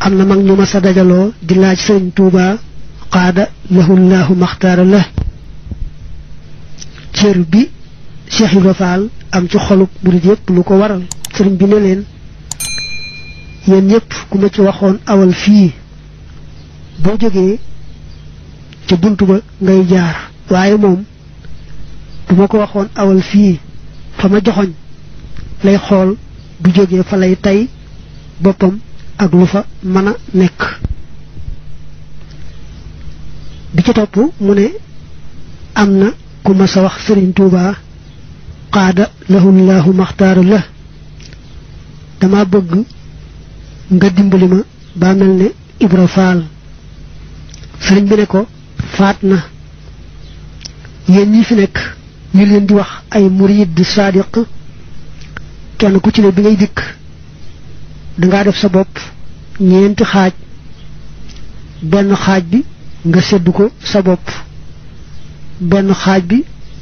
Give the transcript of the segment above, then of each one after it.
am na mag ñu ma sa dajaloo di laaj sëriñ Tuuba qaada lahullahu maxtaara la cër bi Cheikh Ibra am ci xolub murid yëpp lu ko waral sëriñ bi ne leen yéen ñëpp ku ma ci waxoon awal fii boo jógee ca bunt ba ngay jaar waaye moom bu ma ko waxoon awal fii fa ma joxoñ lay xool bu jógee fa lay tey boppam ak lu fa mën a nekk bi ci topp mu ne am na ku mas a wax sëriñ Tuuba qaada lahullahu maxtaara la dama bëgg nga dimbali ma ba mel ne Ibra Faal sëriñ bi ne ko faat na yéen ñi fi nekk ñu leen di wax ay murid saadiq kenn ku ci ne bi ngay dikk da nga def sa bop ñent xaj ben xaj bi nga seddu ko sa bop ben xaj bi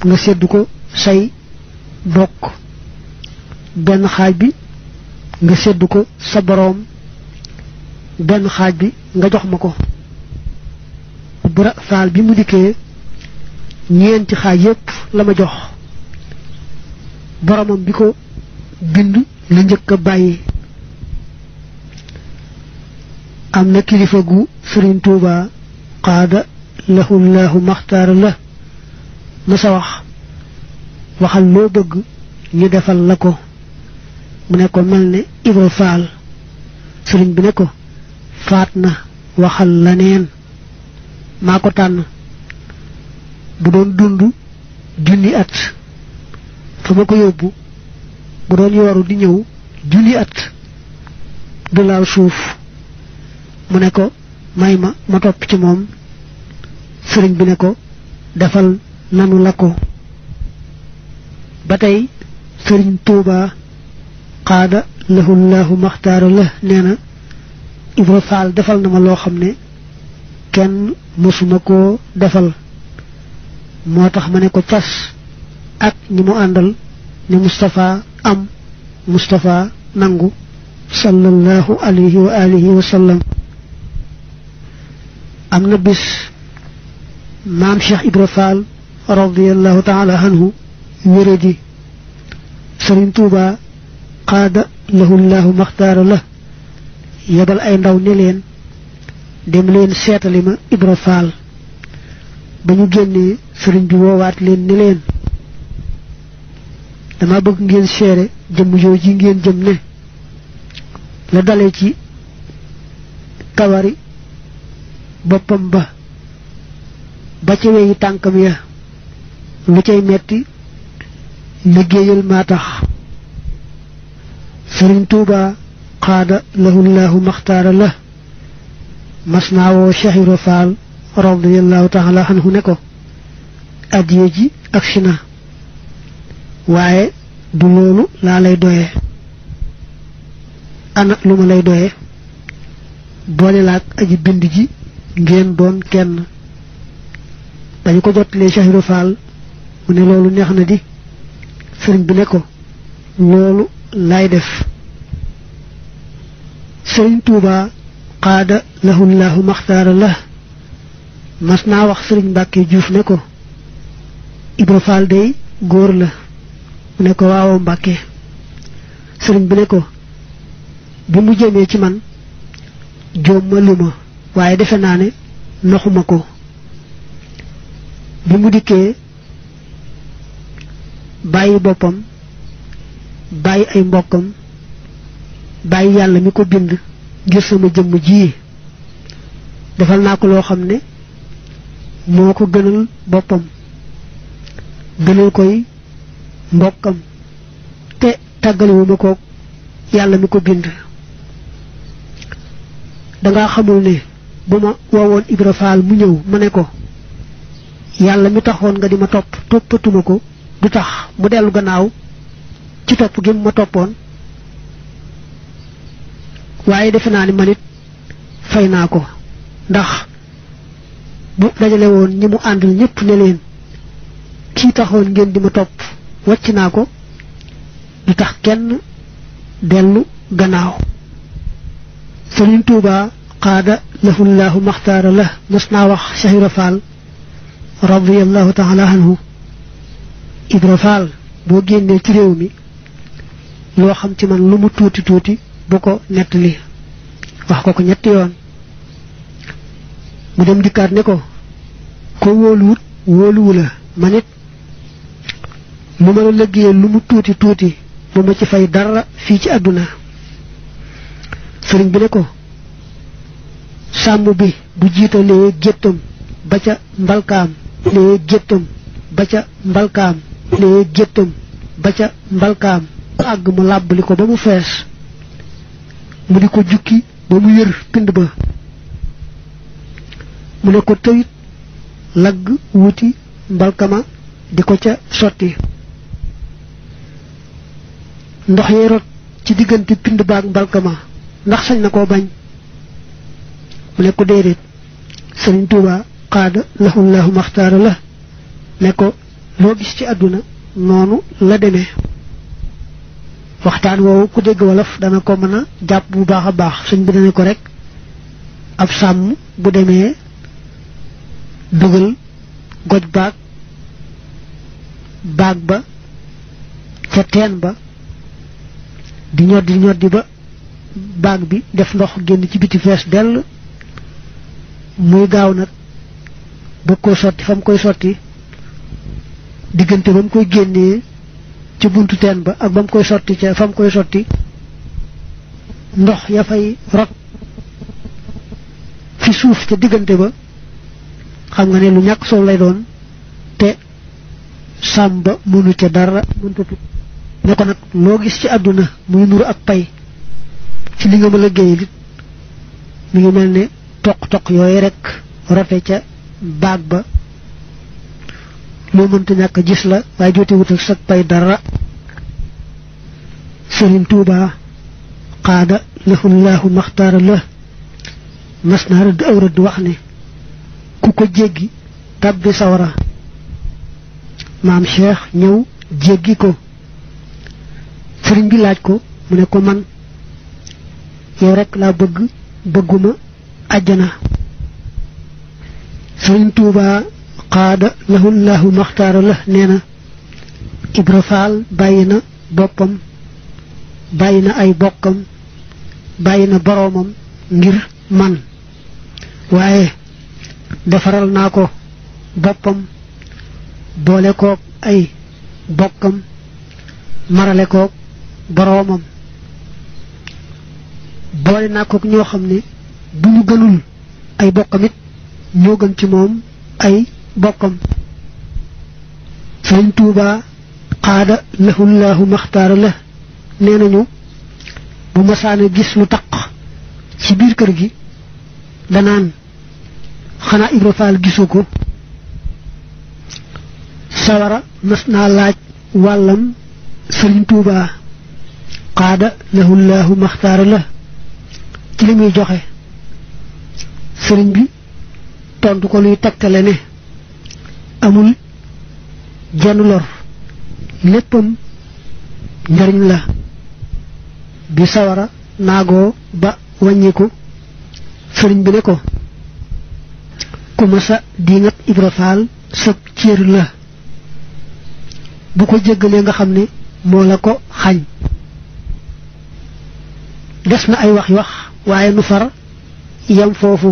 nga seddu ko say dok ben xaj bi nga seddu ko sa borom ben xaj bi nga jox mako bura bi mu dikkee ñent xaj yépp lama jox boromam biko bindu la ñëk am na kilifa gu Sëriñ Tuuba qaada lahu laahu la ma sa wax waxal loo bëgg ñu defal la ko mu ne ko mel ne Ibra Faal sëriñ bi ne ko faat na waxal la neen maa ko tànn bu doon dund junni at fa ma ko yóbbu bu doon yooru di ñëw junni at du laal suuf mu ne ko may ma ma topp ci moom sëriñ bi ne ko defal nanu la ko ba tey sëriñ tuuba qaada lahu llahu maxtaara la nee na ibra faal defal na ma loo xam kenn musuma ko defal moo tax ko cas ak ñi mu àndal ne mustapha am Mustafa nangu sallallahu alayhi wa alihi wa sallam am na bis maam cheikh ibra fall radiallahu taala anhu yereji ji sëriñ tuuba lahu llahu maxtaara la yebal ay ndaw ne leen dem leen seetali ma ibra fall ba ñu génnee bi woowaat leen ne leen dama bëgg ngeen seere jëm jooju ngeen jëm ne la dalee ci kawari boppam ba ba ci weyi tànkam ya lu cay metti liggéeyal maa tax sëriñ tuuba xaada lahullahu maxtaara la mas naa woo Cheikh Ibra Fall radiallahu ne ko addiye ji agsi na waaye du loolu laa lay doye ana lu ma lay doye boole laak aji bind ji ngeen doon kenn dañu ko jottalee Cheikh Ibra Fall mu ne loolu neex na di sëriñ bi ne ko loolu laay def sëriñ Touba xaada lahullahu maxtaara la mas naa wax sëriñ Mbàkke Juuf ne ko Ibra Fall góor la mu ne ko waaw Mbàkke sëriñ bi ne ko bi mu jëmee ci man joom waaye defe naa ne naxuma ko bi mu dikkee bàyyi boppam bàyyi ay mbokkam bàyyi yàlla mi ko bind ngir sama jëmm ji defal naa ko loo xam ne moo ko gënal boppam gënal koy mbokkam te tàggalewuma ko yàlla mi ko bind danga xamul ne bu ma woowoon Ibra mu ñëw ma ne ko yàlla mi taxoon nga di ma topp toppatuma ko du tax mu dellu gannaaw ci topp gi ma toppoon waaye defe naa ni man it fay naa ko ndax bu dajale woon ñi mu àndal ñëpp ne leen kii taxoon ngeen di ma topp wacc naa ko du tax kenn dellu gannaaw Sëriñ Tuubaa xaada lafullaahu maxtaara la mas naa wax Cheikh Ibra Fall radiallahu taala anhu boo génnee ci réew mi loo xam ci man lu mu tuuti tuuti bu ko nett li wax ko ko ñetti yoon mu dem dikkaat ne ko ko wóoluwut wóoluwu la man it lu ma la liggéeyee lu mu tuuti tuuti bu ma ci fay dara fii ci àdduna sëriñ bi ne ko sàmm bi bu jiitalee géttam ba ca mbalkaam lee géttam ba ca mbalkaam lee géttam ba ca mbalkaam àgg mu làbbali ko ba mu fees mu di ko jukki ba mu yër pind ba mu ne ko tëyit lagg wuti mbalkama di ko ca sotti ndox yee rot ci diggante pind baag mbalkama ndax sañ na koo bañ mu ne ko déedéet Sëriñ Tuuba xaada laxullaahu maxtaara la ne ko loo gis ci àdduna noonu la demee waxtaan woowu ku dégg wolof dana ko mën a jàpp bu baax a baax sëñ bi ko rek ab sàmm bu demee dugal goj baag baag ba ca teen ba di ñoddi ñoddi ba baag bi def ndox génn ci biti fees dell muy gaaw nag bëgg koo sotti fam koy sotti diggante ba mu koy génnee ca buntu teen ba ak ba mu koy sotti koy sotti ndox ya fay rot fi suuf ca diggante ba xam nga ne lu ñàkk soow lay doon te sàmba mënu ca dara mëntatu ne ko nag loo gis ci àdduna muy nuru ak pay ci li nga ma liggéey nit mi ngi mel ne toq-toq yooyu rek rote ca baag ba loo mënta ñàkk gis la waaye joote wut ak sag pay dara sëriñ tuuba xaada lahullahu maxtaara la mas naa rëdd aw rëdd wax ne ku ko jéggi tàbbi sawara maam cheikh ñëw jéggi ko sëriñ bi laaj ko mu ne ko man yow rek laa bëgg bëgguma أجنا سرين توبا قاد له الله مختار له نينا إبرفال بين بوبم بين أي بوكم بين بروم غير من واي دفرال ناكو بوبم بوليكو أي بوكم مراليكو بروم بولي ناكو نيو خمني bu ñu gënul ay bokkam it ñoo gën ci moom ay bokkam sëriñ tuuba xaada lahullahu maxtaara la nee nañu bu masaana gis lu taq ci biir kër gi danaan xanaa Ibra gisu ko sawara mas naa laaj wàllam sëriñ tuuba xaada lahullahu maxtaara la ci li muy joxe sëriñ bi tontu ko luy ne amul jenn lor léppam njariñ la bi sawara naagoo ba wàññiku sëriñ bi ne ko ku masa di ibra faal sab cër la bu ko jéggalee nga xam ne moo la ko xañ des na ay wax wax waaye nu far yam foofu